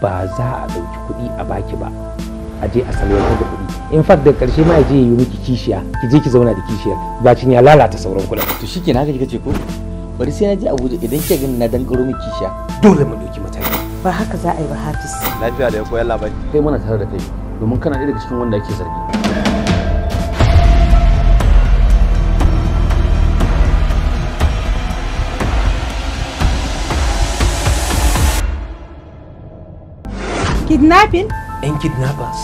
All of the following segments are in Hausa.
ba za a ɗauki kuɗi a baki ba a je a salwantar da kuɗi in fact da ƙarshe ma ya je yi miki kishiya ki je ki zauna da kishiyar bacin ya lalata sauran kuɗin to shike haka kika ce ko bari sai na je Abuja idan kika gani na dankaro miki kishiya dole mu ɗauki mataki ba haka za a yi ba Hafiz lafiya da ya koyar labari kai muna tare da kai domin kana ɗaya daga cikin wanda ake zargi Kidnapping? ‘Yan kidnappers.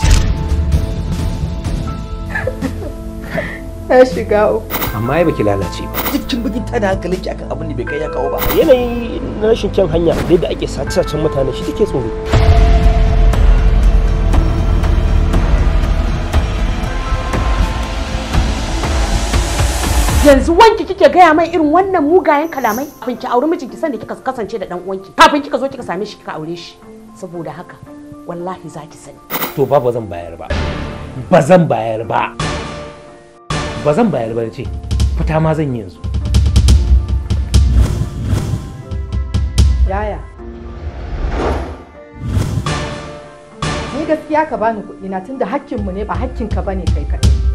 Ta shiga uku. Amma ya baki lalace ba. Dukkin bugin ta da hankali ki akan abin da bai kai ya kawo ba. Yanayi na rashin kyan hanya da ake sace-sacen mutane shi take tsoro. yanzu wanki kike gaya mai irin wannan mugayen kalamai kafin ki auri mijinki sanda kika kasance da dan uwanki kafin kika zo kika same shi kika aure shi saboda haka wallahi za sani to ba ba zan bayar ba ba zan bayar ba ba zan bayar ba ce fita ma zan yi yanzu yaya ni gaskiya ka bani kuɗi na tunda mu ne ba hakkinka ne kai kaɗai